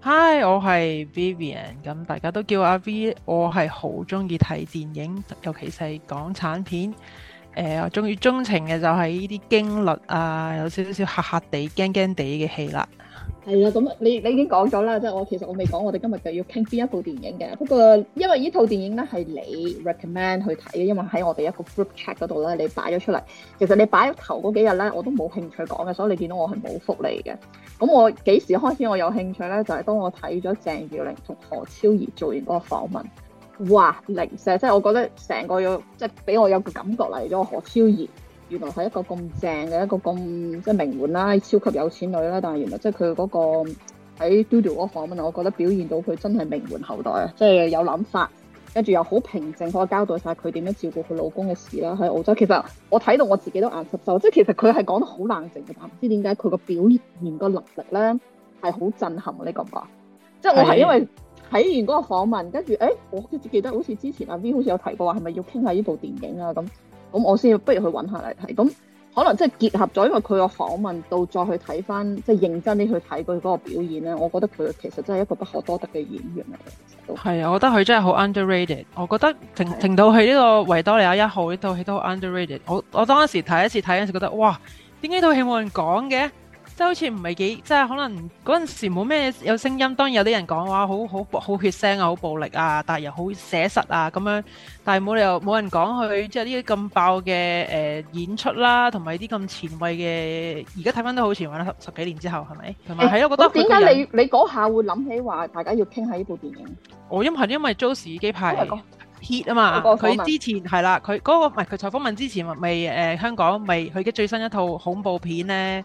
嗨，Hi, 我係 Vivian，咁、嗯、大家都叫阿 V，我係好鍾意睇電影，尤其是港產片。呃、我鍾意鍾情嘅就係呢啲驚慄啊，有少少嚇嚇地、驚驚地嘅戲啦。係啊，咁你你已經講咗啦，即係我其實我未講，我哋今日就要傾邊一部電影嘅。不過因為呢套電影咧係你 recommend 去睇嘅，因為喺我哋一個 group chat 嗰度咧，你擺咗出嚟。其實你擺咗頭嗰幾日咧，我都冇興趣講嘅，所以你見到我係冇福利嘅。咁我幾時開始我有興趣咧？就係、是、當我睇咗鄭妙玲同何超儀做完嗰個訪問，哇！零舍，即係我覺得成個要，即係俾我有個感覺嚟咗何超儀。原來係一個咁正嘅一個咁即係名媛啦，超級有錢女啦。但係原來即係佢嗰個喺 d o o d l 嗰個訪問，我覺得表現到佢真係名媛後代啊！即係有諗法，跟住又好平靜，可以交代晒佢點樣照顧佢老公嘅事啦。喺澳洲，其實我睇到我自己都眼濕濕。即係其實佢係講得好冷靜嘅，但唔知點解佢個表現個能力咧係好震撼呢、這個感覺。即係我係因為睇完嗰個訪問，跟住誒，我記得好似之前阿、啊、V 好似有提過話，係咪要傾下呢部電影啊咁。咁我先要，不如去揾下嚟睇，咁可能即係結合咗，因為佢個訪問到再去睇翻，即係認真啲去睇佢嗰個表演咧，我覺得佢其實真係一個不可多得嘅演員嚟嘅。係啊，我覺得佢真係好 underrated。我覺得停停到喺呢個維多利亞壹號呢套、這個、戲都好 underrated。我我當時睇一次睇嗰陣時，覺得哇，點解呢套戲冇人講嘅？即係好似唔係幾，即係可能嗰陣時冇咩有聲音，當然有啲人講話好好好血腥啊，好暴力啊，但係又好寫實啊咁樣。但係冇理由冇人講佢，即係呢啲咁爆嘅誒演出啦，同埋啲咁前衛嘅，而家睇翻都好前衛啦，十十幾年之後係咪？同埋係咯，覺得點解你你嗰下會諗起話大家要傾下呢部電影？我因為因為 Josie 已經拍 hit 啊嘛，佢之前係啦，佢嗰個唔係佢採訪問之前咪咪誒香港咪佢嘅最新一套恐怖片咧。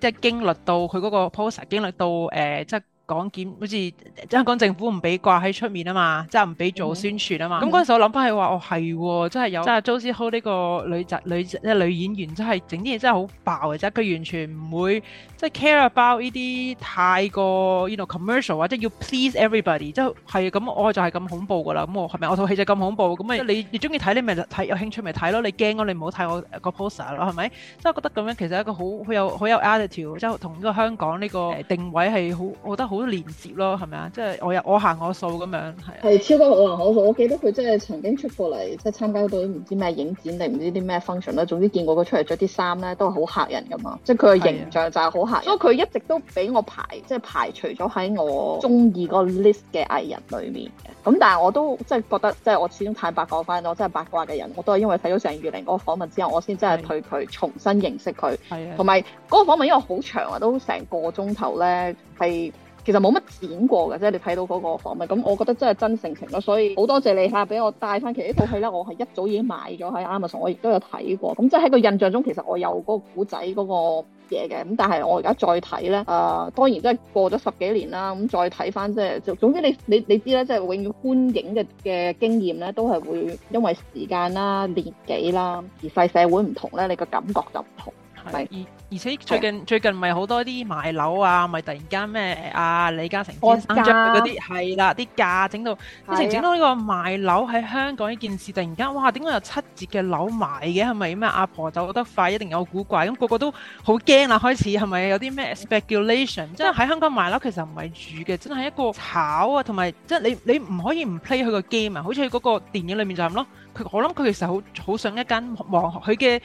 即係經歷到佢嗰個 poster，經歷到誒、呃，即港檢好似香港政府唔俾掛喺出面啊嘛，即係唔俾做宣傳啊嘛。咁嗰陣時我諗翻起話，哦係，真係有。即係 Josie Ho 呢個女仔、女即係女演員真，真係整啲嘢真係好爆嘅啫。佢完全唔會即係 care about 呢啲太過，you know commercial 或者要 please everybody，即係咁我就係咁恐怖噶啦。咁我係咪我套戲就咁恐怖？咁你你中意睇你咪睇，有興趣咪睇咯。你驚咯你唔好睇我個 poster 咯，係咪？即係我覺得咁樣其實一個好好有好有 attitude 即係同呢個香港呢個定位係好，我覺得好。都連接咯，係咪啊？即係我又我行我素咁樣，係係超級我行我素。我記得佢真係曾經出過嚟，即係參加到啲唔知咩影展定唔知啲咩 function 啦。總之見過佢出嚟著啲衫咧，都係好嚇人㗎嘛。即係佢嘅形象就係好嚇人。所以佢一直都俾我排，即係排除咗喺我中意個 list 嘅藝人裡面嘅。咁但係我都即係覺得，即係我始終太八卦翻，我真係八卦嘅人。我都係因為睇咗成月玲嗰個訪問之後，我先真係對佢重新認識佢。係啊，同埋嗰個訪問因為好長啊，都成個鐘頭咧係。其實冇乜剪過嘅，即係你睇到嗰個房，咁我覺得真係真性情咯，所以好多謝你嚇俾我帶翻。其實呢套戲咧，我係一早已經買咗喺 Amazon，我亦都有睇過。咁即係喺個印象中，其實我有嗰個古仔嗰個嘢嘅。咁但係我而家再睇咧，誒、呃、當然即係過咗十幾年啦。咁再睇翻即係總之你你你知咧，即係永遠觀影嘅嘅經驗咧，都係會因為時間啦、年紀啦而世社會唔同咧，你個感覺就唔同。而而且最近對最近咪好多啲賣樓啊，咪對突然間咩啊李嘉誠跌翻咗嗰啲，係家啦啲價到啦整，整到，之前整到呢個賣樓喺香港呢件事突然間，哇點解有七折嘅樓賣嘅係咪？咩阿婆走得快一定有古怪，咁個個都好驚啦，開始係咪有啲咩 speculation？即係喺香港賣樓其實唔係住嘅，真係一個炒啊，同埋即係你你唔可以唔 play 佢個 game 啊，好似嗰個電影裏面就咁咯。佢我諗佢其實好好想一間望佢嘅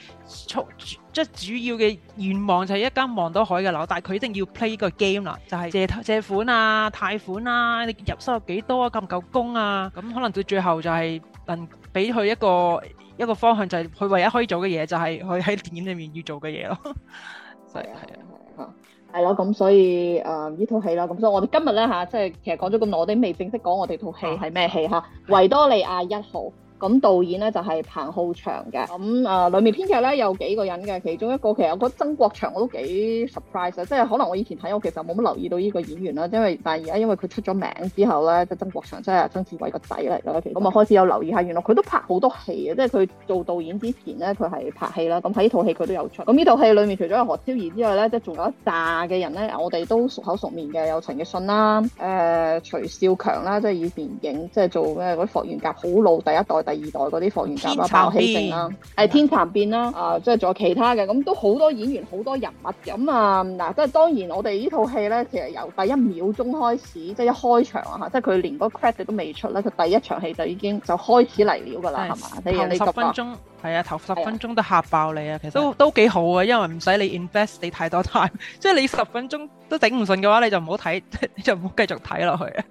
主即係主要嘅願望就係一間望到海嘅樓，但係佢一定要 play 呢個 game 啦，就係、是、借借款啊、貸款啊、你入收入幾多啊、夠唔夠供啊，咁可能到最後就係能俾佢一個一個方向，就係佢唯一可以做嘅嘢，就係佢喺電影裏面要做嘅嘢咯。係啊係啊係啊，係咯、啊，咁、啊啊啊、所以誒呢套戲啦，咁、呃、所以我哋今日咧吓，即、啊、係其實講咗咁耐，我哋未正式講我哋套戲係咩戲吓，啊《維多利亞壹號。》 咁導演咧就係、是、彭浩翔嘅，咁誒裏面編劇咧有幾個人嘅，其中一個其實我覺得曾國祥我都幾 surprise 啊，即係可能我以前睇我其實冇乜留意到呢個演員啦，因為但係而家因為佢出咗名之後咧，即曾國祥真係曾志偉個仔嚟啦，咁啊開始有留意下，原來佢都拍好多戲嘅，即係佢做導演之前咧佢係拍戲啦，咁喺呢套戲佢都有出，咁呢套戲裡面除咗有何超儀之外咧，即係仲有一拃嘅人咧，我哋都熟口熟面嘅，有陳奕迅啦，誒、呃、徐少強啦，即係以前影即係做咩嗰啲霍元甲好老第一代第二代嗰啲霍元甲啊，包欺正啦，係、哎、天蠶變啦，啊、呃，即係仲有其他嘅，咁都好多演員，好多人物咁啊，嗱，即係當然我哋呢套戲咧，其實由第一秒鐘開始，即係一開場啊吓，即係佢連嗰 credit 都未出咧，佢第一場戲就已經就開始嚟料噶啦，係嘛是，你廿十分鐘。係啊，頭十分鐘都嚇爆你啊！其實的都都幾好啊，因為唔使你 invest 你太多 time，即係你十分鐘都頂唔順嘅話，你就唔好睇，你就唔好繼續睇落去啊！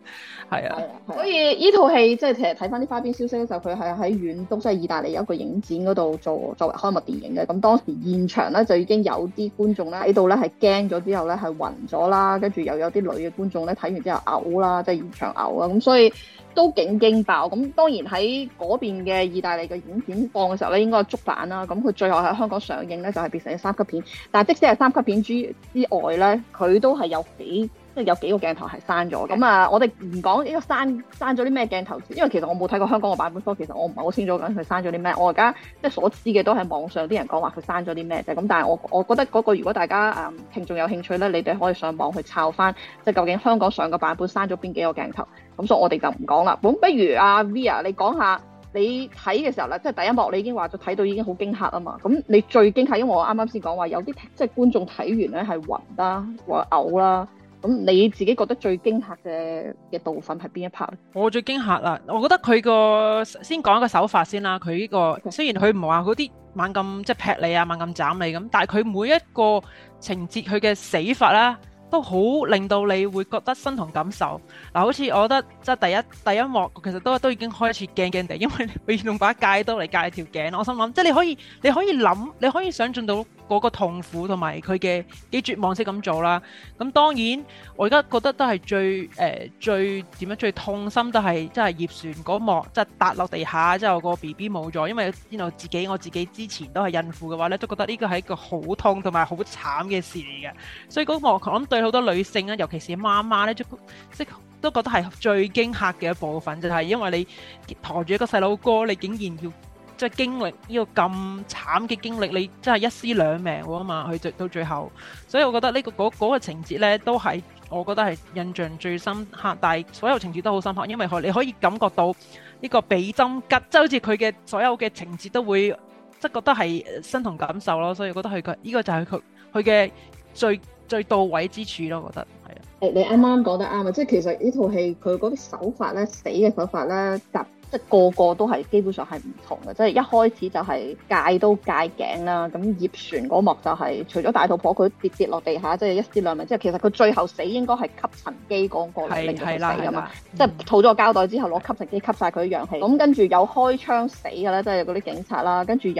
係啊，所以呢套戲即係其實睇翻啲花邊消息嘅時候，佢係喺遠東，即係意大利有一個影展嗰度做作為開幕電影嘅。咁當時現場咧就已經有啲觀眾咧喺度咧係驚咗之後咧係暈咗啦，跟住又有啲女嘅觀眾咧睇完之後嘔啦，即係現場嘔啊！咁所以。都勁驚爆，咁當然喺嗰邊嘅意大利嘅影片放嘅時候咧，應該係足版啦。咁佢最後喺香港上映咧，就係變成咗三級片。但係即使係三級片之之外咧，佢都係有幾。即係有幾個鏡頭係刪咗咁啊！我哋唔講呢個刪刪咗啲咩鏡頭，因為其實我冇睇過香港嘅版本，所以其實我唔係好清楚緊佢刪咗啲咩。我而家即係所知嘅都係網上啲人講話佢刪咗啲咩啫。咁但係我我覺得嗰個如果大家誒、嗯、聽眾有興趣咧，你哋可以上網去抄翻，即係究竟香港上嘅版本刪咗邊幾個鏡頭。咁、嗯、所以我哋就唔講啦。咁不如阿 Via 你講下你睇嘅時候咧，即係第一幕你已經話咗睇到已經好驚嚇啊嘛。咁你最驚嚇，因為我啱啱先講話有啲即係觀眾睇完咧係暈啦或嘔啦。咁你自己覺得最驚嚇嘅嘅部分係邊一 part 咧？我最驚嚇啦！我覺得佢個先講一個手法先啦。佢呢個雖然佢唔係話嗰啲猛咁即係劈你啊，猛咁斬你咁，但係佢每一個情節佢嘅死法啦，都好令到你會覺得身同感受。嗱，好似我覺得即係第一第一幕，其實都都已經開始驚驚地，因為你用把戒刀嚟割你條頸。我心諗，即係你可以你可以諗，你可以想像到。嗰個痛苦同埋佢嘅幾絕望式咁做啦。咁、嗯、當然，我而家覺得都係最誒、呃、最點樣最痛心都，都係即係葉璇嗰幕即係跌落地下之後個 B B 冇咗。因為因為自己我自己之前都係孕婦嘅話咧，都覺得呢個係一個好痛同埋好慘嘅事嚟嘅。所以嗰幕我諗對好多女性咧，尤其是媽媽咧，即都，都覺得係最驚嚇嘅一部分，就係、是、因為你抬住一個細路哥，你竟然要～即係經歷呢個咁慘嘅經歷，你真係一屍兩命啊嘛！佢直到最後，所以我覺得呢個嗰嗰個情節呢，都係我覺得係印象最深刻，但係所有情節都好深刻，因為你可以感覺到呢個比針吉，即係好似佢嘅所有嘅情節都會即係覺得係身同感受咯，所以我覺得佢個呢個就係佢佢嘅最最到位之處咯，我覺得係啊。你啱啱講得啱啊！即係其實呢套戲佢嗰啲手法呢，死嘅手法呢。即係個個都係基本上係唔同嘅，即係一開始就係戒刀戒頸啦，咁葉璇嗰幕就係除咗大肚婆佢跌跌落地下，即係一屍兩命。即係，其實佢最後死應該係吸塵機嗰個嚟令佢死噶嘛，即係套咗膠袋之後攞吸塵機吸晒佢啲氧氣。咁跟住有開槍死㗎咧，即係嗰啲警察啦。跟住有誒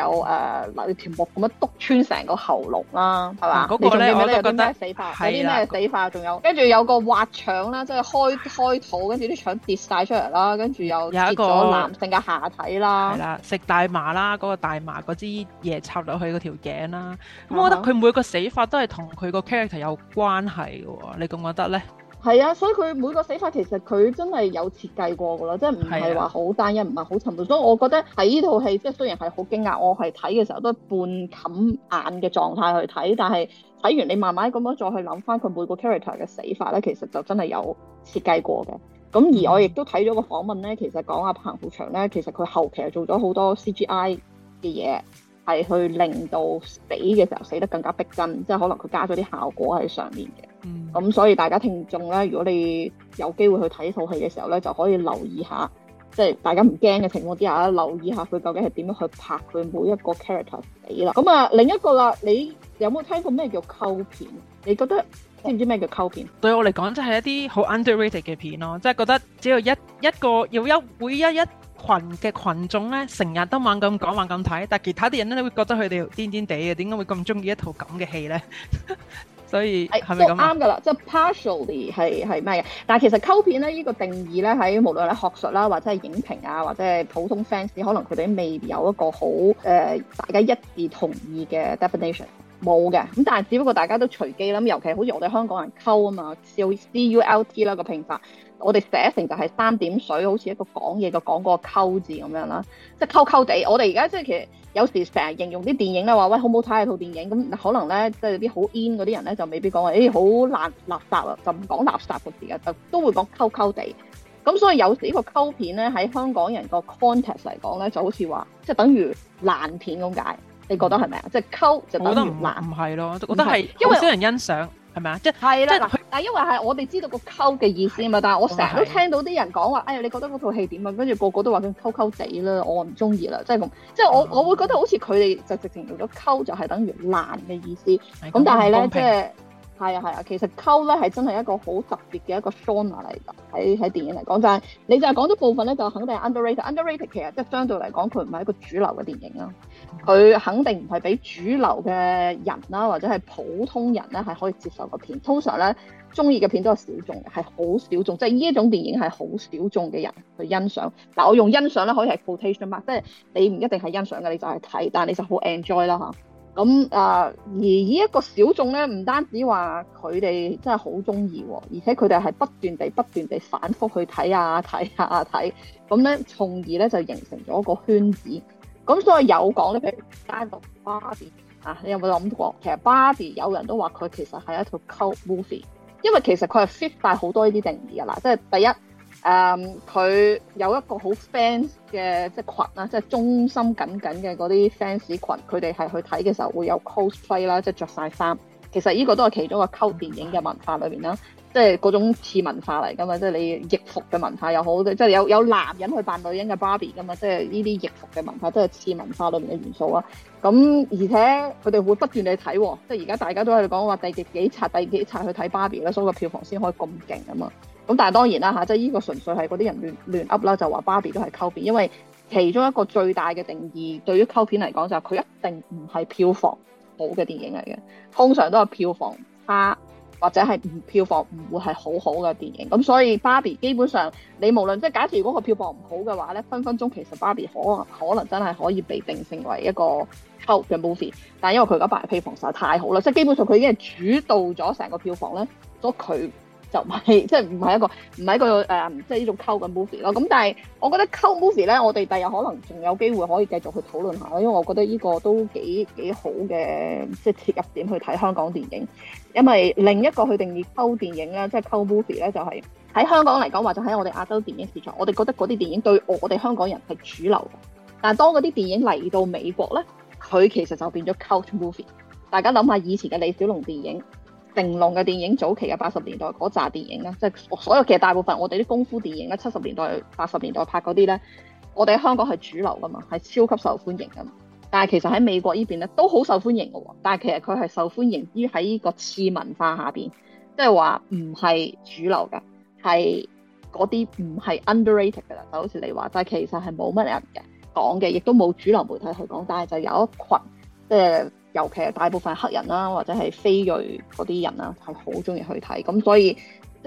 嗱條木咁樣督穿成個喉嚨啦，係嘛？你仲有啲咩死法？有啲咩死法？仲有跟住有個挖腸啦，即係開開肚，跟住啲腸跌晒出嚟啦，跟住又跌咗。男性嘅下體啦，係啦，食大麻啦，嗰個大麻嗰支嘢插落去嗰條頸啦。咁我覺得佢每個死法都係同佢個 character 有關係嘅喎，你咁覺得咧？係啊，所以佢每個死法其實佢真係有設計過嘅咯，即係唔係話好單一，唔係好陳舊。所以我覺得喺呢套戲，即係雖然係好驚嚇，我係睇嘅時候都係半冚眼嘅狀態去睇，但係睇完你慢慢咁樣再去諗翻佢每個 character 嘅死法咧，其實就真係有設計過嘅。咁而我亦都睇咗個訪問咧，其實講阿彭浩翔咧，其實佢後期係做咗好多 CGI 嘅嘢，係去令到死嘅時候死得更加逼真，即係可能佢加咗啲效果喺上面嘅。咁、嗯、所以大家聽眾咧，如果你有機會去睇套戲嘅時候咧，就可以留意下，即係大家唔驚嘅情況之下咧，留意下佢究竟係點樣去拍佢每一個 character 死啦。咁啊，另一個啦，你有冇聽過咩叫 cult 片？你覺得？知唔知咩叫溝片？對我嚟講，真、就、係、是、一啲好 underrated 嘅片咯，即係覺得只有一個一個要一每一一群嘅群眾咧，成日都猛咁講猛咁睇，但係其他啲人咧，你會覺得佢哋癲癲地嘅，點解會咁中意一套咁嘅戲咧？ 所以係咪咁啱噶啦，即係 partially 係係咩嘅？但係其實溝片咧呢個定義咧，喺無論咧學術啦，或者係影評啊，或者係普通 fans，可能佢哋未必有一個好誒、呃、大家一致同意嘅 definition。冇嘅，咁但係只不過大家都隨機啦。尤其好似我哋香港人溝啊嘛，似 CULT 啦個拼法，我哋寫成就係三點水，好似一個講嘢個講個溝字咁樣啦，即係溝溝地。我哋而家即係其實有時成日形容啲電影咧，話喂，好唔好睇啊套電影咁，可能咧即係啲好 in 嗰啲人咧就未必講話誒，好爛垃圾啊，就唔講垃圾個字啊，都都會講溝溝地。咁所以有時呢個溝片咧喺香港人個 context 嚟講咧就好似話即係等於爛片咁解。你覺得係咪啊？即係溝就等於爛，唔係咯？都覺得係，因為少人欣賞係咪啊？即係的即係嗱，但係因為係我哋知道個溝嘅意思啊嘛，的但係我成日都聽到啲人講話，的哎呀呦、哎，你覺得嗰套戲點啊？跟住個個都話佢溝溝地啦，我唔中意啦，即係咁，即係我、嗯、我會覺得好似佢哋就直情用咗溝就係等於爛嘅意思，咁的但係咧即係。係啊係啊，其實溝咧係真係一個好特別嘅一個 genre 嚟㗎，喺喺電影嚟講就係、是，你就係講咗部分咧，就肯定係 underrated。underrated 其實即係相對嚟講，佢唔係一個主流嘅電影啦，佢肯定唔係畀主流嘅人啦、啊，或者係普通人咧、啊、係可以接受嘅片。通常咧，鍾意嘅片都係小眾，係好小眾，即係呢一種電影係好小眾嘅人去欣賞。嗱，我用欣賞咧，可以係 quotation mark，即係你唔一定係欣賞嘅，你就係睇，但係你就好 enjoy 啦嚇。咁啊、嗯，而呢一個小眾咧，唔單止話佢哋真係好中意喎，而且佢哋係不斷地、不斷地反覆去睇啊、睇啊、睇，咁咧，從而咧就形成咗一個圈子。咁、嗯嗯嗯、所以有講咧，譬如單獨芭比啊，你有冇諗過？其實芭比有人都話佢其實係一套 cult movie，因為其實佢係 fit 帶好多呢啲定義啊，嗱，即係第一。誒，佢、um, 有一個好 fans 嘅即係羣啦，即係忠心緊緊嘅嗰啲 fans 群。佢哋係去睇嘅時候會有 cosplay 啦，即係著曬衫。其實呢個都係其中個 cult 電影嘅文化裏邊啦，即係嗰種次文化嚟噶嘛，即係你易服嘅文化又好，即係有有男人去扮女人嘅芭比噶嘛，即係呢啲易服嘅文化都係次文化裏面嘅元素啊。咁、嗯、而且佢哋會不斷地睇，即係而家大家都喺度講話第幾集、第幾集去睇芭比啦，所以個票房先可以咁勁啊嘛。咁但係當然啦吓，即係呢個純粹係嗰啲人亂亂噏啦，就話芭比都係 cult 片，因為其中一個最大嘅定義對於 cult 片嚟講就係、是、佢一定唔係票房好嘅電影嚟嘅，通常都係票房差或者係唔票房唔會係好好嘅電影。咁所以芭比基本上你無論即係假設如果個票房唔好嘅話咧，分分鐘其實芭比可可能真係可以被定性為一個 cult 嘅 movie，但係因為佢嗰排票房實在太好啦，即係基本上佢已經係主導咗成個票房咧，咗佢。就唔係、呃，即係唔係一個唔係一個誒，即係呢種 cult movie 咯。咁但係我覺得 cult movie 咧，我哋第日可能仲有機會可以繼續去討論下，因為我覺得呢個都幾幾好嘅，即係切入點去睇香港電影。因為另一個去定義 cult 電影咧，即係 cult movie 咧，就係喺香港嚟講話，就喺我哋亞洲電影市場，我哋覺得嗰啲電影對我哋香港人係主流。但係當嗰啲電影嚟到美國咧，佢其實就變咗 cult movie。大家諗下以前嘅李小龍電影。成龍嘅電影，早期嘅八十年代嗰紮電影咧，即係所有，其實大部分我哋啲功夫電影咧，七十年代、八十年代拍嗰啲咧，我哋香港係主流噶嘛，係超級受歡迎噶嘛。但係其實喺美國呢邊咧都好受歡迎嘅喎，但係其實佢係受歡迎於喺個次文化下邊，即係話唔係主流嘅，係嗰啲唔係 underrated 噶啦。就好似你話，但係其實係冇乜人嘅講嘅，亦都冇主流媒體去講，但係就有一群即係。就是尤其係大部分黑人啦，或者係非裔嗰啲人啦、啊，係好中意去睇，咁所以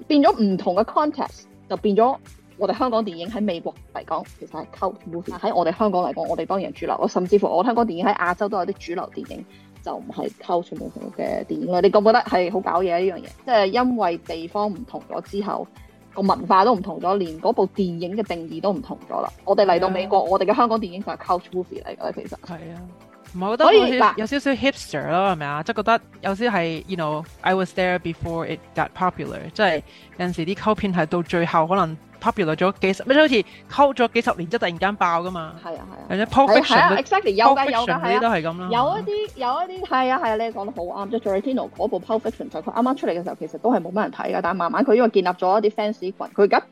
變咗唔同嘅 context，就變咗我哋香港電影喺美國嚟講，其實係 cult movie；喺我哋香港嚟講，我哋當然係主流咯。甚至乎我香港電影喺亞洲都有啲主流電影，就唔係 cult movie 嘅電影啦。你覺唔覺得係好搞嘢一樣嘢？即係因為地方唔同咗之後，個文化都唔同咗，連嗰部電影嘅定義都唔同咗啦。我哋嚟到美國，啊、我哋嘅香港電影就係 cult movie 嚟嘅啦。其實係啊。我覺， 覺得有少少 hipster 咯，係咪啊？即係覺得有少係，you know，I was there before it got popular 的。即係有陣時啲溝片係到最後可能 popular 咗幾十，即係好似溝咗幾十年，即突然間爆噶嘛。係啊係啊。有啲 profession 嗰啲都係咁啦。有一啲有一啲係啊係啊，你講得好啱。即係 Tarantino 嗰部《Pulp Fiction》佢啱啱出嚟嘅時候，其實都係冇乜人睇嘅，但係慢慢佢因為建立咗一啲 fans 羣，佢而家。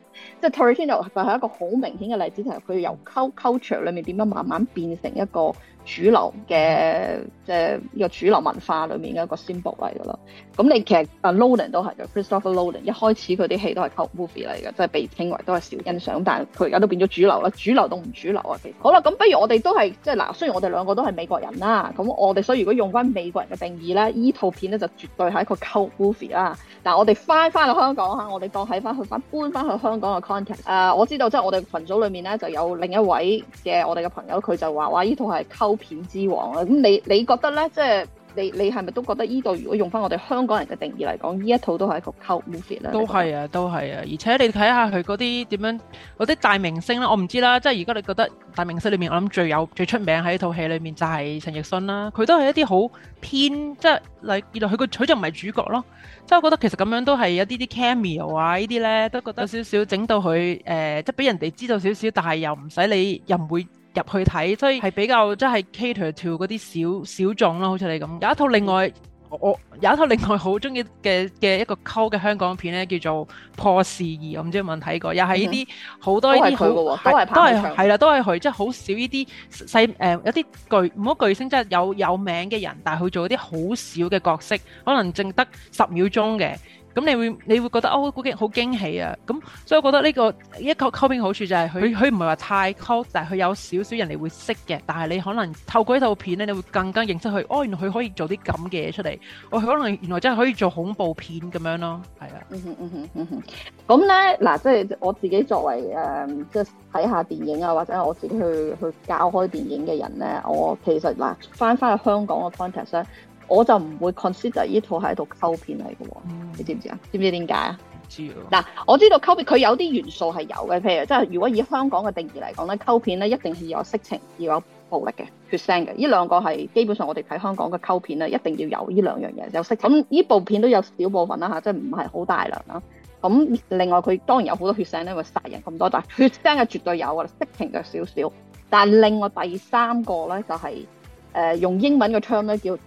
即係 Tarantino 就係一個好明顯嘅例子，就係、是、佢由 culture 裏面點樣慢慢變成一個主流嘅即係呢個主流文化裏面嘅一個 symbol 嚟嘅咯。咁、嗯、你其實啊 Nolan 都係嘅，Christopher Nolan 一開始佢啲戲都係 cult movie 嚟嘅，即係被稱為都係小欣賞。但係佢而家都變咗主流啦，主流都唔主流啊？其實好啦，咁不如我哋都係即係嗱，雖然我哋兩個都係美國人啦，咁我哋所以如果用翻美國人嘅定義咧，依套片咧就絕對係一個 cult movie 啦。嗱，我哋翻翻去香港嚇，我哋當喺翻去翻搬翻去香港。個 contact，誒我知道即係我哋群組裏面咧，就有另一位嘅我哋嘅朋友，佢就話：「哇，呢套係溝片之王啊！」咁、嗯、你你覺得咧，即係。你你係咪都覺得呢，這個如果用翻我哋香港人嘅定義嚟講，呢一套都係一個 cult movie 咧？都係啊，都係啊，而且你睇下佢嗰啲點樣，嗰啲大明星啦、啊，我唔知啦，即係而家你覺得大明星裏面，我諗最有，最，有最出名喺呢套戲裏面就係陳奕迅啦，佢都係一啲好偏，即係例如佢個佢就唔係主角咯，即係我覺得其實咁樣都係一啲啲 cameo 啊呢啲咧，都覺得有少少整到佢誒、呃，即係俾人哋知道少少，但係又唔使你又唔會。入去睇，所以係比較即係 cater to 嗰啲小小眾咯，好似你咁。有一套另外，嗯、我有一套另外好中意嘅嘅一個 cult 嘅香港片咧，叫做《破事兒》，我唔知有冇睇過？又係呢啲好多呢啲都係、哦、都係係啦，都係佢，即係好少呢啲細誒，有啲巨唔好巨星，即係、就是、有有名嘅人，但係佢做啲好少嘅角色，可能淨得十秒鐘嘅。咁你會你會覺得哦，好驚好驚喜啊！咁所以我覺得呢個一個溝片嘅好處就係佢佢唔係話太溝，但係佢有少少人哋會識嘅。但係你可能透過呢套片咧，你會更加認識佢。哦，原來佢可以做啲咁嘅嘢出嚟。哦，可能原來真係可以做恐怖片咁樣咯。係啊。嗯哼嗯哼嗯哼嗯哼。咁咧嗱，即係我自己作為誒、呃，即係睇下電影啊，或者我自己去去教開電影嘅人咧，我其實嗱翻翻去香港嘅 context 我就唔會 consider 呢套係一套溝片嚟嘅、哦，嗯、你知唔知啊？知唔知點解啊？知嗱，我知道溝片佢有啲元素係有嘅，譬如即係如果以香港嘅定義嚟講咧，溝片咧一定係有色情、要有暴力嘅血腥嘅。呢兩個係基本上我哋睇香港嘅溝片咧，一定要有呢兩樣嘢，有色情。咁呢部片都有少部分啦嚇、啊，即係唔係好大量啊？咁另外佢當然有好多血腥咧，因為殺人咁多，但係血腥係絕對有嘅，色情就少少。但係另外第三個咧就係、是、誒、呃、用英文嘅槍咧叫。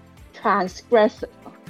transgressive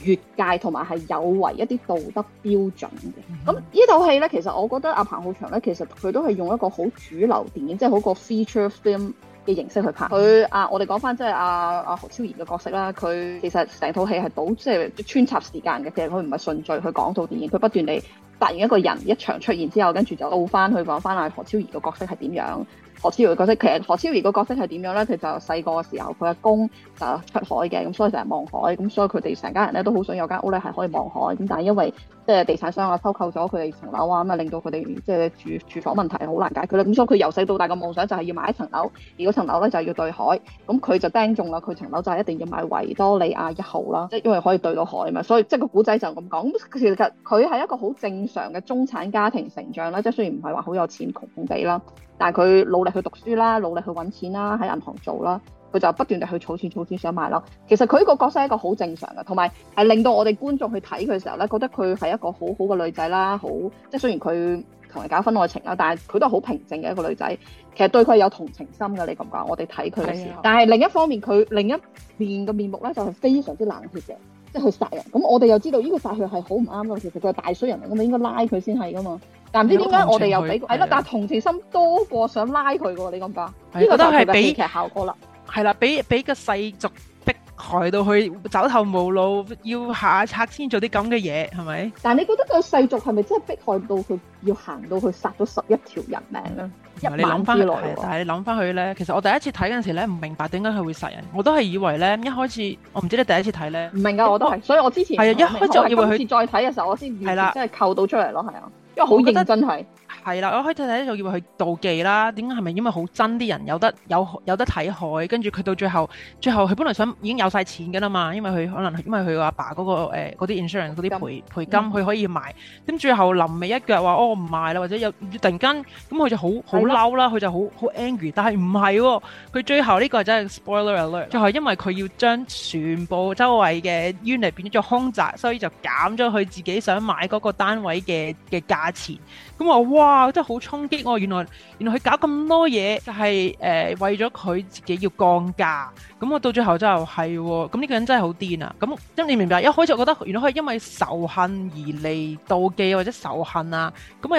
越界，同埋係有違一啲道德標準嘅。咁、mm hmm. 呢套戲咧，其實我覺得阿彭浩翔咧，其實佢都係用一個好主流電影，即係好個 feature film 嘅形式去拍。佢、mm hmm. 啊，我哋講翻即係阿阿何超儀嘅角色啦。佢其實成套戲係倒，即係穿插時間嘅，其實佢唔係順序去講套電影。佢不斷地發現一個人一場出現之後，跟住就倒翻去講翻阿何超儀嘅角色係點樣。何超儀嘅角色其實何超儀嘅角色係點樣咧？佢就細個嘅時候，佢阿公，出海嘅，咁所以成日望海，咁所以佢哋成家人咧都好想有間屋咧係可以望海，咁但係因為即係地產商啊收購咗佢哋層樓啊，咁啊令到佢哋即係住住房問題好難解決啦，咁所以佢由細到大嘅夢想就係要買一層樓，而嗰層樓咧就係要對海，咁佢就釘中啦，佢層樓就係一定要買維多利亞一號啦，即係因為可以對到海啊嘛，所以即係個古仔就咁講，咁其實佢係一個好正常嘅中產家庭成長啦，即係雖然唔係話好有錢窮窮地啦，但係佢努力去讀書啦，努力去揾錢啦，喺銀行做啦。佢就不斷地去儲錢，儲錢想買樓。其實佢個角色係一個好正常嘅，同埋係令到我哋觀眾去睇佢嘅時候咧，覺得佢係一個好好嘅女仔啦。好即係雖然佢同人搞婚外情啦，但係佢都係好平靜嘅一個女仔。其實對佢有同情心嘅，你咁講，我哋睇佢嘅時候，的但係另一方面，佢另一面嘅面目咧就係、是、非常之冷血嘅，即係去殺人。咁我哋又知道呢個殺血係好唔啱嘅。其實佢係大衰人嚟，咁你應該拉佢先係噶嘛。但唔知點解同我哋又俾，係啦的。但係同情心多過想拉佢嘅喎，你咁講？呢個都係戲劇效果啦。係啦，俾俾個世俗逼害到佢走投無路，要下策先做啲咁嘅嘢，係咪？但係你覺得個世俗係咪真係逼害到佢要行到殺、嗯、去殺咗十一條人命咧？的你萬之內。但係你諗翻去咧，其實我第一次睇嗰陣時咧，唔明白點解佢會殺人，我都係以為咧，一開始我唔知你第一次睇咧，唔明噶我都係，我所以我之前係啊，一開始以為佢，第一次再睇嘅時候，我先完全真係扣到出嚟咯，係啊，因為好認真係。係啦，我開頭睇睇就以為佢妒忌啦。點解？係咪因為好憎啲人有得有有得睇海？跟住佢到最後，最後佢本來想已經有晒錢噶啦嘛，因為佢可能因為佢阿爸嗰個誒嗰啲 insurance 嗰啲賠賠金，佢可以賣。咁最後臨尾一腳話哦，唔賣啦，或者有突然間咁佢就好好嬲啦，佢的就好好 angry。但係唔係，佢最後呢個真係 spoiler alert。就係因為佢要將全部周圍嘅 unit 變咗做空宅，所以就減咗佢自己想買嗰個單位嘅嘅價錢。咁我話，哇真係好衝擊哦！原來原來佢搞咁多嘢，就係、是、誒、呃、為咗佢自己要降價。咁我到最後就係咁呢個人真係好癲啊！咁、嗯、即你明白？一開始我覺得原來佢係因為仇恨而嚟妒忌或者仇恨啊，咁我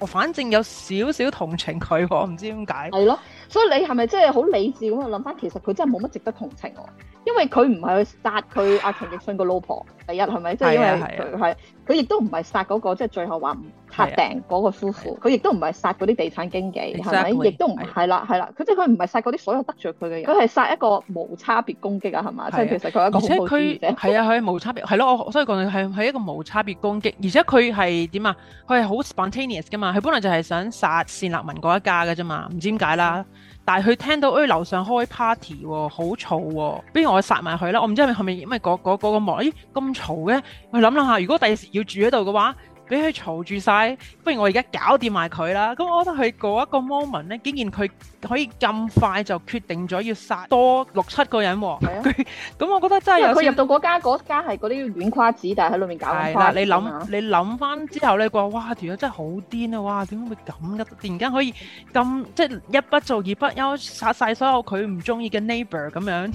有反正有少少同情佢、啊，唔知點解。係咯，所以你係咪真係好理智咁諗翻？其實佢真係冇乜值得同情哦、啊。因為佢唔係去殺佢阿陳奕迅個老婆，第一係咪？即係因為佢係佢亦都唔係殺嗰個，即係最後話唔拍定嗰個夫婦。佢亦都唔係殺嗰啲地產經紀，係咪？亦都唔係啦，係啦。佢即係佢唔係殺嗰啲所有得罪佢嘅人，佢係殺一個無差別攻擊啊，係嘛？即係其實佢一個而且係啊，佢係無差別，係咯。我所以講係係一個無差別攻擊，而且佢係點啊？佢係好 spontaneous 噶嘛，佢本來就係想殺謝立文嗰一家嘅啫嘛，唔知點解啦。但係佢聽到誒樓上開 party 喎、哦，好嘈喎，不如我殺埋佢啦！我唔知係咪係咪嗰嗰嗰個幕，咦咁嘈嘅？我諗諗下，如果第二時要住喺度嘅話，俾佢嘈住晒，不如我而家搞掂埋佢啦。咁我覺得佢嗰一個 moment 咧，竟然佢可以咁快就決定咗要殺多六七個人喎。係啊，咁 我覺得真係佢入到嗰間嗰間係嗰啲軟瓜子，但係喺裏面搞咁，啦、啊，你諗、啊、你諗翻之後咧，個哇條友真係好癲啊！哇，點解會咁嘅？突然間可以咁即係一不做二不休，殺晒所有佢唔中意嘅 neighbor 咁樣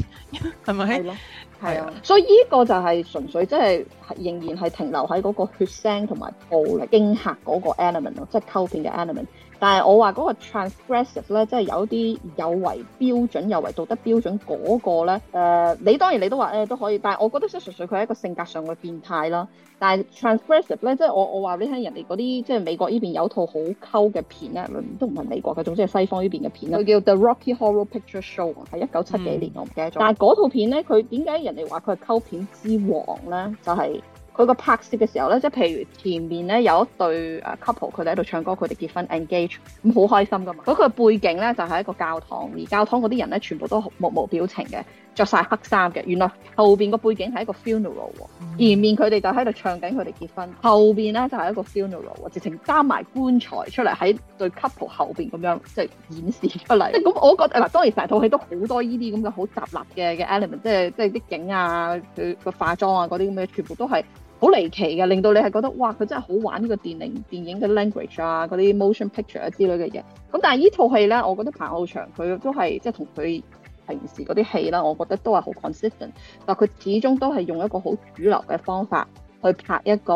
係咪？ 係係是啊，所以呢個就係純粹即係仍然係停留喺嗰個血腥同埋暴力、驚嚇嗰個 element 咯，即係溝片嘅 element。但係我話嗰個 transgressive 咧，即係有啲有違標準、有違道德標準嗰個咧。誒、呃，你當然你都話誒、欸、都可以，但係我覺得即係純粹佢係一個性格上嘅變態啦。但係 transgressive 咧，即係我我話畀你聽人哋嗰啲即係美國依邊有套好溝嘅片咧，都唔係美國嘅，總之係西方呢邊嘅片。佢叫 The Rocky Horror Picture Show，係一九七幾年我唔記得咗。但係嗰套片咧，佢點解人哋話佢係溝片之王咧？就係、是。佢個拍攝嘅時候咧，即係譬如前面咧有一對誒 couple，佢哋喺度唱歌，佢哋結婚 engage，咁好開心噶嘛。佢個背景咧就係、是、一個教堂，而教堂嗰啲人咧全部都目無表情嘅，着晒黑衫嘅。原來後邊個背景係一個 funeral 喎、嗯，前面佢哋就喺度唱緊佢哋結婚，後邊咧就係、是、一個 funeral，直情擔埋棺材出嚟喺對 couple 後邊咁樣，即、就、係、是、演示出嚟。即係咁，我覺得嗱，當然成套戲都好多呢啲咁嘅好雜立嘅嘅 element，即係即係啲景啊、佢個化妝啊嗰啲咁嘅，全部都係。好離奇嘅，令到你係覺得哇，佢真係好玩呢個電影，電影嘅 language 啊，嗰啲 motion picture 啊之類嘅嘢。咁但係呢套戲呢，我覺得彭浩翔佢都係即係同佢平時嗰啲戲啦，我覺得都係好 consistent。但佢始終都係用一個好主流嘅方法去拍一個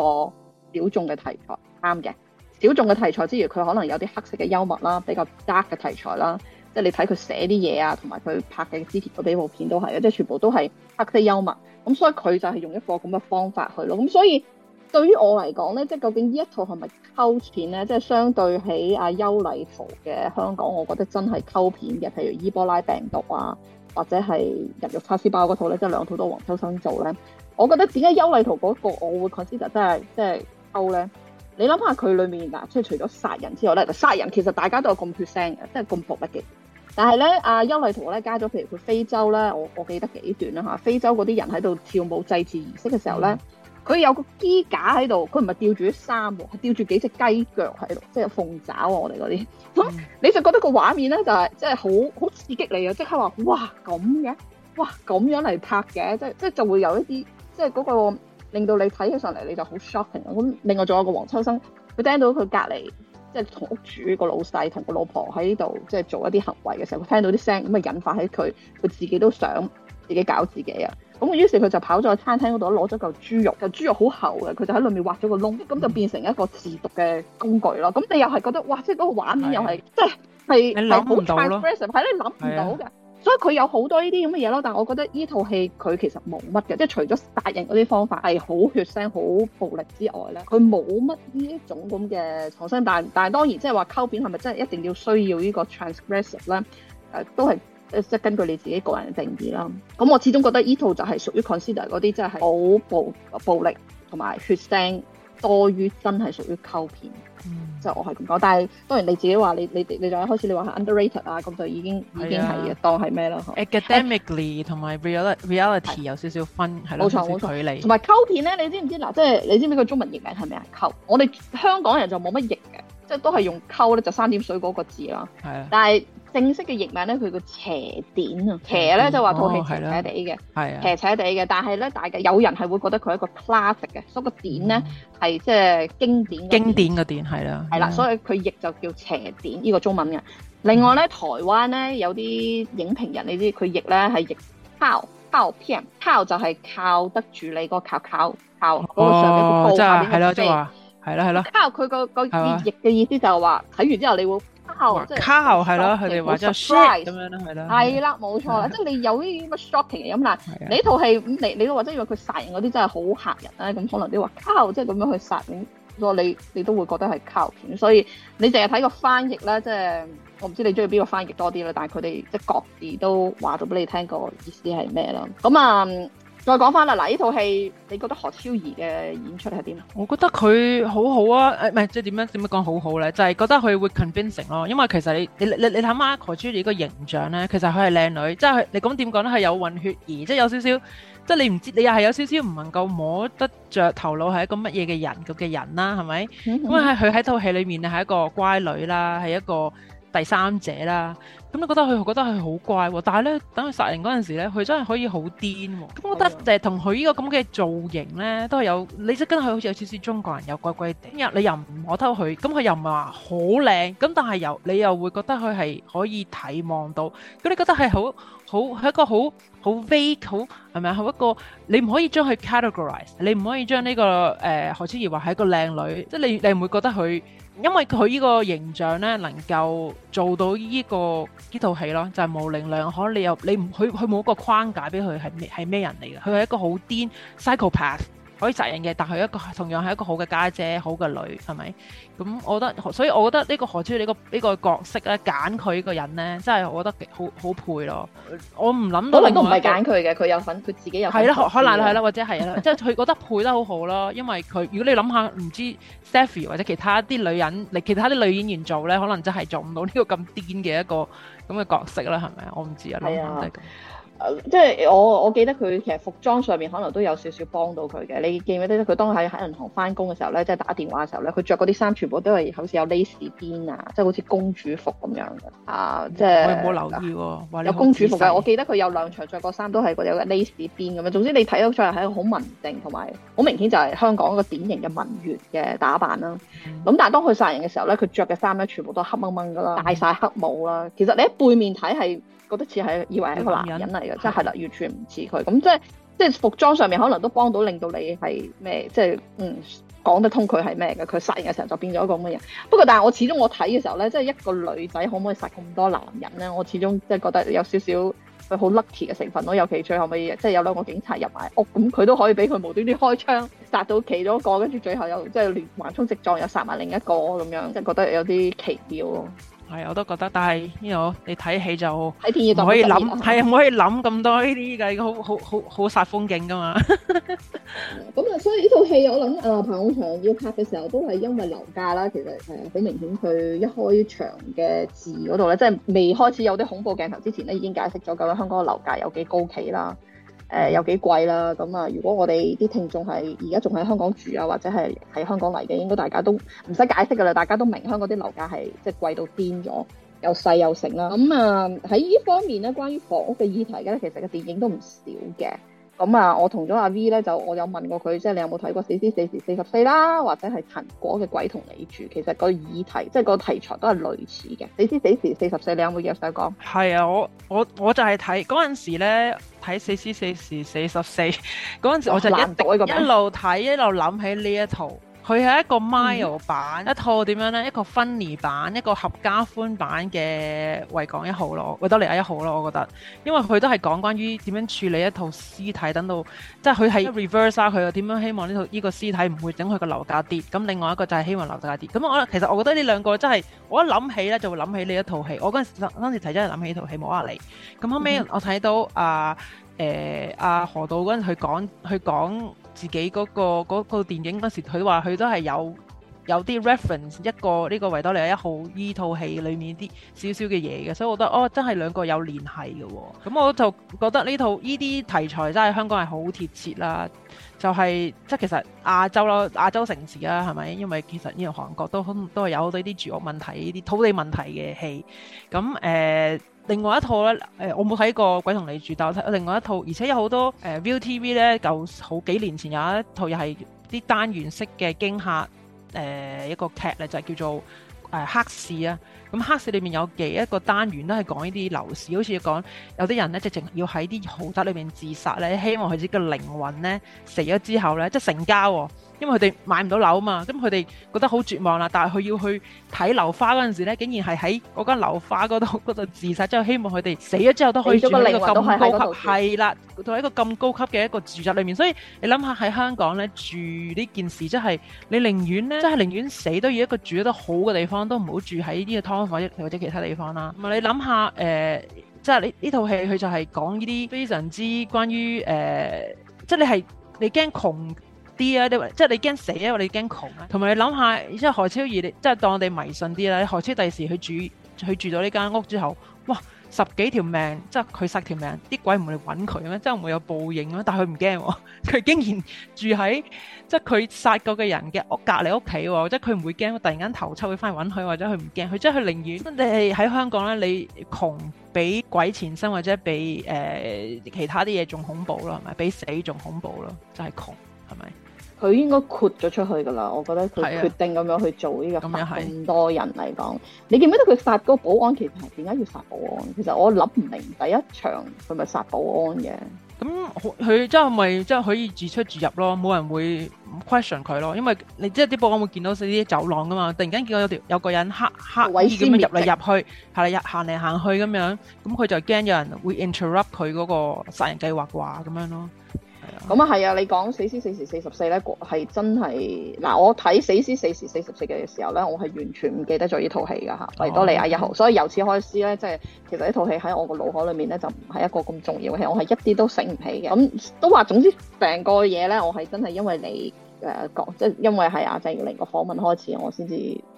小眾嘅題材，啱嘅。小眾嘅題材之餘，佢可能有啲黑色嘅幽默啦，比較 dark 嘅題材啦。即係你睇佢寫啲嘢啊，同埋佢拍嘅之前嗰幾部片都係，即係全部都係黑色幽默。咁、嗯、所以佢就係用一個咁嘅方法去咯。咁、嗯、所以對於我嚟講咧，即係究竟呢一套係咪 cult 片咧？即係相對起阿優麗圖嘅香港，我覺得真係 cult 片嘅。譬如伊波拉病毒啊，或者係人肉叉燒包嗰套咧，即係兩套都黃秋生做咧。我覺得點解優麗圖嗰個我會覺得真係即係 cult 咧？你諗下佢裏面嗱、啊，即係除咗殺人之外咧，殺人其實大家都有咁血腥嘅，即係咁暴力嘅。但係咧，阿邱麗同我咧加咗，譬如佢非洲咧，我我記得幾段啦吓。非洲嗰啲人喺度跳舞祭祀儀式嘅時候咧，佢、嗯、有個機架喺度，佢唔係吊住啲衫喎，係吊住幾隻雞腳喺度，即係鳳爪啊！我哋嗰啲咁，嗯、 你就覺得個畫面咧就係即係好好刺激你啊！即刻話哇咁嘅，哇咁樣嚟拍嘅，即係即係就會有一啲即係嗰個令到你睇起上嚟，你就好 shocking。咁另外仲有個黃秋生，佢聽到佢隔籬。即係同屋主個老細同個老婆喺呢度，即係做一啲行為嘅時候，佢聽到啲聲咁啊，引發喺佢，佢自己都想自己搞自己啊！咁於是佢就跑咗去餐廳嗰度攞咗嚿豬肉，嚿豬肉好厚嘅，佢就喺裏面挖咗個窿，咁、嗯、就變成一個自瀆嘅工具咯。咁你又係覺得哇！即係嗰個畫面又係即係係係好太 aggressive，係你諗唔到嘅。所以佢有好多呢啲咁嘅嘢咯，但係我覺得呢套戲佢其實冇乜嘅，即係除咗殺人嗰啲方法係好血腥、好暴力之外咧，佢冇乜呢一種咁嘅創新。但係但係當然即係話溝片係咪真係一定要需要個呢個 transgressive 咧？誒、呃，都係誒，即係根據你自己個人嘅定義啦。咁我始終覺得依套就係屬於 consider 嗰啲，真係好暴暴力同埋血腥。多於真係屬於溝片，嗯、即係我係咁講。但係當然你自己話你你你，你就一開始你話係 underrated 啊，咁就已經的已經係當係咩啦？Academically 同埋、啊、reality 有少少分係咯，錯少少距離。同埋溝片咧，你知唔知嗱？即係你知唔知個中文譯名係咩啊？溝，我哋香港人就冇乜譯嘅，即係都係用溝咧就三點水嗰個字啦。係啊的，但係。正式嘅譯名咧，佢叫邪典啊，邪咧就話套戲邪邪地嘅，邪邪地嘅。但係咧，大家有人係會覺得佢係一個 classic 嘅，所以個典咧係即係經典。經典嘅典係啦，係啦。所以佢譯就叫邪典呢個中文嘅。另外咧，台灣咧有啲影評人，你知佢譯咧係譯靠靠片，靠就係靠得住你個靠靠靠嗰個上邊嘅高下邊嘅嘅。係啦係啦，靠佢個個譯嘅意思就係話睇完之後你會。靠，係咯哇，佢哋話即係 shock 咁樣咯，係咯，係啦了，冇錯啦，即係你有啲乜 shopping 咁嗱，呢套戲，你 你都或者以為佢殺人嗰啲真係好嚇人咧，咁可能你話靠，即係咁樣去殺人咗，所以你你都會覺得係靠片，所以你淨係睇個翻譯咧，即係我唔知你中意邊個翻譯多啲啦，但係佢哋即係各自都話到俾你聽個意思係咩啦，咁啊。嗯再講翻啦，嗱，呢套戲，你覺得何超儀嘅演出係點啊？我覺得佢好好啊，誒、哎，唔係即係點樣點樣講好好咧，就係、是、覺得佢會 convincing 咯。因為其實你你你你睇下阿何超儀個形象咧，其實佢係靚女，即係你咁點講咧係有混血兒，即係有少少，即係你唔知你又係有少少唔能夠摸得着頭腦係一個乜嘢嘅人咁嘅人啦，係咪？咁啊、mm，佢喺套戲裏面咧係一個乖女啦，係一個。第三者啦，咁你覺得佢覺得佢好怪喎，但係咧等佢殺人嗰陣時咧，佢真係可以好癲喎。的我覺得就誒同佢呢個咁嘅造型咧，都係有你即係跟佢好似有少少中國人有貴貴，又怪怪。聽日你又唔摸偷佢，咁佢又唔係話好靚，咁但係又你又會覺得佢係可以睇望到。咁你覺得係好好係一個好好 v，a 好係咪？係一個你唔可以將佢 categorize，你唔可以將呢、這個誒、呃、何超儀話係一個靚女，即、就、係、是、你你唔會覺得佢。因為佢依個形象咧，能夠做到依、這個依套戲咯，就係模棱兩可。你又你佢佢冇一個框架俾佢係咩係咩人嚟㗎？佢係一個好癲 psychopath。可以責任嘅，但係一個同樣係一個好嘅家姐，姐，好嘅女，係咪？咁我覺得，所以我覺得呢個何超呢個呢個角色咧，揀佢呢個人咧，真係我覺得好好配咯。我唔諗到。我唔係揀佢嘅，佢有份，佢自己有份。係啦，可能係啦，或者係啦，即係佢覺得配得好好啦。因為佢如果你諗下，唔知 Stephy 或者其他啲女人嚟、其他啲女演員做咧，可能真係做唔到呢個咁癲嘅一個咁嘅角色啦，係咪？我唔知啊。係啊。即係我我記得佢其實服裝上面可能都有少少幫到佢嘅。你記唔記得佢當佢喺喺銀行翻工嘅時候咧，即係打電話嘅時候咧，佢着嗰啲衫全部都係好似有 lace 邊啊，即係好似公主服咁樣嘅啊！即係我冇留意喎，有公主服嘅。我記得佢有兩場着嗰衫都係有個 lace 邊咁樣。總之你睇到出嚟係一個好文靜同埋好明顯就係香港一個典型嘅文員嘅打扮啦。咁、嗯、但係當佢殺人嘅時候咧，佢着嘅衫咧，全部都係黑掹掹㗎啦，戴晒黑帽啦。其實你喺背面睇係。覺得似係以為係一個男人嚟嘅，即係啦，完全唔似佢。咁即係即係服裝上面可能都幫到，令到你係咩？即係嗯，講得通佢係咩嘅？佢殺人嘅時候就變咗一個咁嘅人？不過但係我始終我睇嘅時候咧，即係一個女仔可唔可以殺咁多男人咧？我始終即係覺得有少少佢好 lucky 嘅成分咯。尤其最後尾即係有兩個警察入埋屋，咁佢都可以俾佢無端端開槍殺到其中一個，跟住最後又即係連橫衝直撞又殺埋另一個咁樣，即係覺得有啲奇妙咯。係，我都覺得，但係呢、這個你睇戲就唔可以諗，係唔 可以諗咁多呢啲㗎，好好好好煞風景噶嘛。咁 啊、嗯嗯，所以呢套戲我諗啊、呃、彭浩翔要拍嘅時候，都係因為樓價啦。其實係好、呃、明顯，佢一開場嘅字嗰度咧，即係未開始有啲恐怖鏡頭之前咧，已經解釋咗究竟香港嘅樓價有幾高企啦。誒、呃、有幾貴啦，咁啊、嗯！如果我哋啲聽眾係而家仲喺香港住啊，或者係喺香港嚟嘅，應該大家都唔使解釋噶啦，大家都明香港啲樓價係即係貴到癲咗，又細又成啦。咁啊，喺呢方面咧，關於房屋嘅議題咧，其實嘅電影都唔少嘅。咁啊，我同咗阿 V 咧，就我有問過佢，即係你有冇睇過《死屍四時四十四》啦，或者係陳果嘅《鬼同你住》，其實個議題即係個題材都係類似嘅。死屍死時四十四，你有冇嘢想講？係啊，我我我就係睇嗰陣時咧，睇《死屍四時四十四》嗰陣時，我就，四四44，我就一、哦、一路睇一路諗起呢一套。佢係一個 mile 版，嗯、一套點樣呢？一個分離版，一個合家歡版嘅《維港一號》咯，《維多利亞一號》咯，我覺得，因為佢都係講關於點樣處理一套屍體，等到即係佢係 reverse 啦，佢點樣希望呢套呢個屍體唔會整佢個樓價跌？咁另外一個就係希望樓價跌。咁我其實我覺得呢兩個真係，我一諗起呢就會諗起呢一套戲。我嗰陣時當時睇真係諗起呢套戲《冇亞裏》啊。咁後尾我睇到阿誒阿何導嗰陣去講去講，去講自己嗰個嗰個電影嗰時，佢話佢都係有有啲 reference 一個呢個維多利亞一號依套戲裏面啲少少嘅嘢嘅，所以我覺得哦，真係兩個有聯繫嘅。咁我就覺得呢套依啲題材真係香港係好貼切啦，就係、是、即係其實亞洲啦、亞洲城市啦，係咪？因為其實呢個韓國都都係有好多啲住屋問題、啲土地問題嘅戲。咁誒。呃另外一套咧，誒我冇睇過《鬼同你住》，但我睇另外一套，而且有好多誒 ViuTV 咧，舊好幾年前有一套又係啲單元式嘅驚嚇誒、呃、一個劇咧，就係、是、叫做誒黑市啊。咁黑市裏面有幾一個單元都係講呢啲樓市，好似講有啲人呢，直情要喺啲豪宅裏面自殺咧，希望佢自己嘅靈魂呢死咗之後呢，即係成交喎，因為佢哋買唔到樓啊嘛，咁佢哋覺得好絕望啦。但係佢要去睇樓花嗰陣時咧，竟然係喺嗰間樓花嗰度度自殺，之後希望佢哋死咗之後都可以住喺一個咁高級，係啦，同埋一個咁高級嘅一個住宅裏面。所以你諗下喺香港呢，住呢件事，即係你寧願呢，即係寧願死都要一個住得好嘅地方，都唔好住喺呢個劏。或者其他地方啦，同埋你諗下，誒、呃，即係呢呢套戲佢就係講呢啲非常之關於誒、呃，即係你係你驚窮啲啊，即係你驚死啊，或者驚窮啊，同埋你諗下，即係何超儀，即係當我哋迷信啲啦，何超儀第時去住去住到呢間屋之後。哇！十幾條命，即係佢殺條命，啲鬼唔會揾佢咩？即係唔會，會有報應咩？但係佢唔驚喎，佢 竟然住喺即係佢殺過嘅人嘅屋隔離屋企喎，即係佢唔會驚，突然間頭七會翻嚟揾佢，或者佢唔驚，佢即係佢寧願你喺香港咧，你窮比鬼纏身，或者比誒、呃、其他啲嘢仲恐怖咯，係咪？比死仲恐怖咯，真係窮，係咪？佢應該豁咗出去㗎喇，我覺得佢決定咁樣去做呢個殺咁多人嚟講，你記唔記得佢殺嗰個保安？其實係點解要殺保安？其實我諗唔明第一場佢咪殺保安嘅。咁佢即係咪即係可以自出自入咯？冇人會 question 佢咯，因為你即係啲保安會見到啲走廊㗎嘛，突然間見到有條有個人黑黑衣咁樣入嚟入去，係嚟入行嚟行去咁樣，咁、嗯、佢就驚有人會 interrupt 佢嗰個殺人計劃嘅話咁樣咯。咁啊，係、 嗯、 啊！你講《死屍死時四十四》咧，係真係嗱，我睇《死屍死時四十四》嘅時候咧，我係完全唔記得咗呢套戲噶吓，《維多利亞壹號》，所以由此開始咧，即係其實呢套戲喺我個腦海裏面咧，就唔係一個咁重要嘅戲，我係一啲都醒唔起嘅。咁、嗯、都話，總之成個嘢咧，我係真係因為你。誒講，即係因為係阿就要令個訪問開始，我先至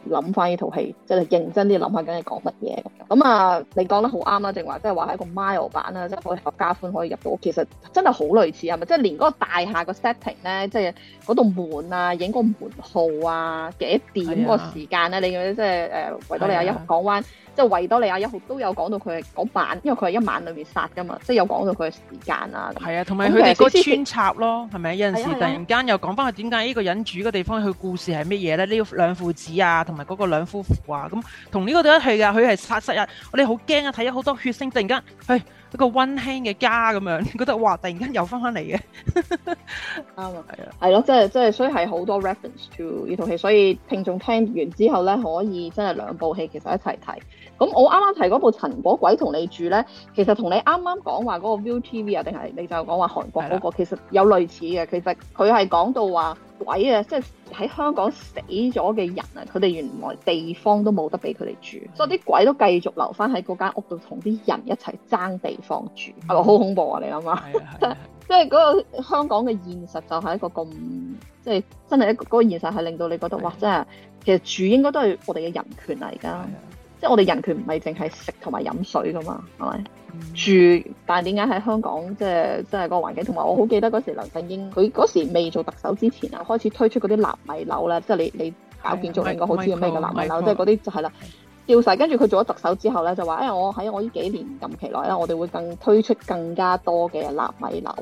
諗翻呢套戲，即係認真啲諗下，緊係講乜嘢咁。咁啊，你講得好啱啊，即係話，即係話係一個 mile 版啊，即係可以合家歡，可以入到，其實真係好類似，係咪？即係連嗰個大下廈個 setting 咧，即係嗰道門啊，影個門號啊，幾點個時間咧？哎、呀你咁樣即係誒，維多利亞壹號港灣。哎呀哎即係維多利亞一號都有講到佢嗰晚，因為佢係一晚裏面殺㗎嘛，即係有講到佢嘅時間啊。係啊，同埋佢哋個穿插咯，係咪有陣時突然間又講翻佢點解呢個人住嘅地方佢故事係乜嘢咧？呢兩父子啊，同埋嗰個兩夫婦啊，咁同呢個都一齊㗎。佢係殺殺人，我哋好驚啊！睇咗好多血腥，突然間去。哎一個溫馨嘅家咁樣，覺得哇！突然間又翻返嚟嘅，啱 啊，係 啊樂，係咯，即係即係，所以係好多 reference to 呢套戲，所以聽眾聽完之後咧，可以真係兩部戲其實一齊睇。咁我啱啱睇嗰部《陳果鬼同你住》咧，其實同你啱啱講話嗰個 ViuTV 啊，定係你就講話韓國嗰個，了其實有類似嘅。其實佢係講到話。鬼啊！即係喺香港死咗嘅人啊，佢哋原來地方都冇得俾佢哋住，的所以啲鬼都繼續留翻喺嗰間屋度同啲人一齊爭地方住，係咯、嗯，好恐怖啊！你諗下， 即係嗰個香港嘅現實就係一個咁，即係真係一個現實係令到你覺得的哇！真係其實住應該都係我哋嘅人權嚟噶。因係我哋人權唔係淨係食同埋飲水噶嘛，係咪、嗯、住？但係點解喺香港即係即係個環境？同埋我好記得嗰時，梁振英佢嗰時未做特首之前啊，開始推出嗰啲納米樓咧，即係你你搞建築應該好知叫咩叫納米樓，即係嗰啲就係啦，掉曬對。跟住佢做咗特首之後咧，就話，誒、哎、我喺我呢幾年任期內咧，我哋會更推出更加多嘅納米樓。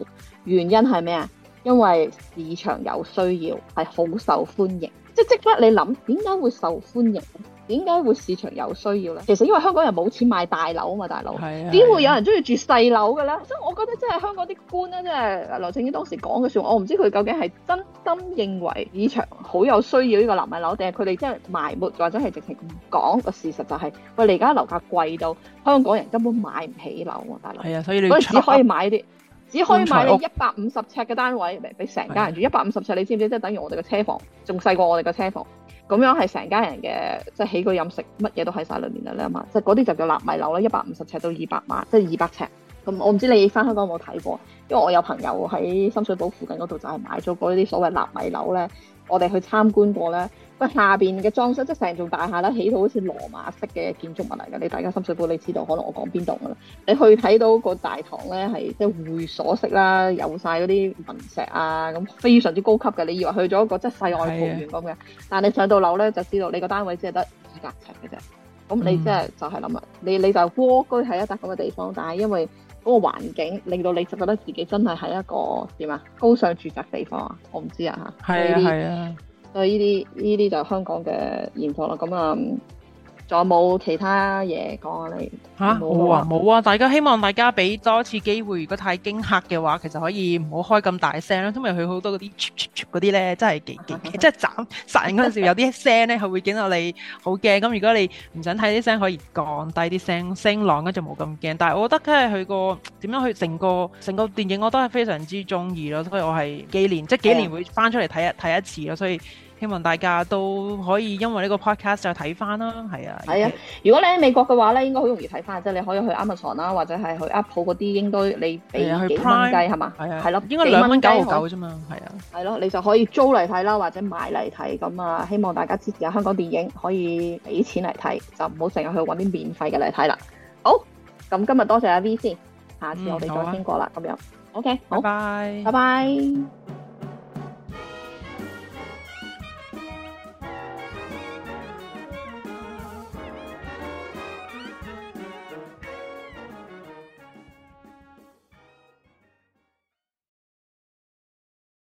原因係咩啊？因為市場有需要，係好受歡迎。即係即刻你諗，點解會受歡迎？點解會市場有需要咧？其實因為香港人冇錢買大樓啊嘛，大佬點的會有人中意住細樓嘅咧？的所以我覺得即係香港啲官咧，即係劉正英當時講嘅說話，我唔知佢究竟係真心認為市場好有需要呢個納米樓，定係佢哋真係埋沒，或者係直情唔講個事實就係、是、喂，你而家樓價貴到香港人根本買唔起樓啊，大佬係啊，所以你只可以買啲，只可以買你一百五十尺嘅單位俾成家人住，一百五十尺你知唔知？即、就、係、是、等於我哋嘅車房仲細過我哋嘅車房。咁樣係成家人嘅，即係起居飲食乜嘢都喺晒裏面啦，你諗下，即係嗰啲就叫納米樓啦，一百五十尺到二百萬，即係二百尺。咁我唔知你返香港有冇睇過，因為我有朋友喺深水埗附近嗰度就係買咗嗰啲所謂納米樓咧。我哋去參觀過咧，咁下邊嘅裝修即係成棟大廈咧，起到好似羅馬式嘅建築物嚟嘅。你大家心水到，你知道可能我講邊度噶啦？你去睇到個大堂咧，係即係會所式啦，有晒嗰啲雲石啊，咁非常之高級嘅。你以為去咗一個即係世外桃源咁嘅，啊、但係你上到樓咧，就知道你個單位只係得二百尺嘅啫。咁你即係就係諗啊，你你就蝸居喺一笪咁嘅地方，但係因為。嗰個環境令到你就覺得自己真係喺一個點啊高尚住宅地方啊，我唔知啊嚇。係啊，係啊，所以呢啲呢啲就係香港嘅現況啦。咁啊～、嗯我冇其他嘢講啊，你嚇冇啊冇啊！大家希望大家俾多次機會。如果太驚嚇嘅話，其實可以唔好開咁大聲啦。因為佢好多嗰啲嗰啲咧，真係幾幾勁，即係斬殺人嗰陣時， 有啲聲咧係會驚到你好驚。咁如果你唔想睇啲聲，可以降低啲聲聲浪，咁就冇咁驚。但係我覺得咧，佢個點樣去成個成個電影我都係非常之中意咯。所以我係幾年、嗯、即係幾年會翻出嚟睇一睇一次咯。所以。希望大家都可以因為呢個 podcast 就睇翻啦，係啊！係啊！如果你喺美國嘅話咧，應該好容易睇翻，即係你可以去 Amazon 啦、啊，或者係去 Apple 嗰啲，應該你俾幾蚊雞係嘛？係啊的，係咯，的的應該兩蚊九毫九啫嘛，係啊。係咯，你就可以租嚟睇啦，或者買嚟睇咁啊！希望大家支持下香港電影，可以俾錢嚟睇，就唔好成日去搵啲免費嘅嚟睇啦。好，咁今日多謝阿 V 先，下次我哋再傾過啦。咁、嗯、樣，OK，拜拜，拜拜。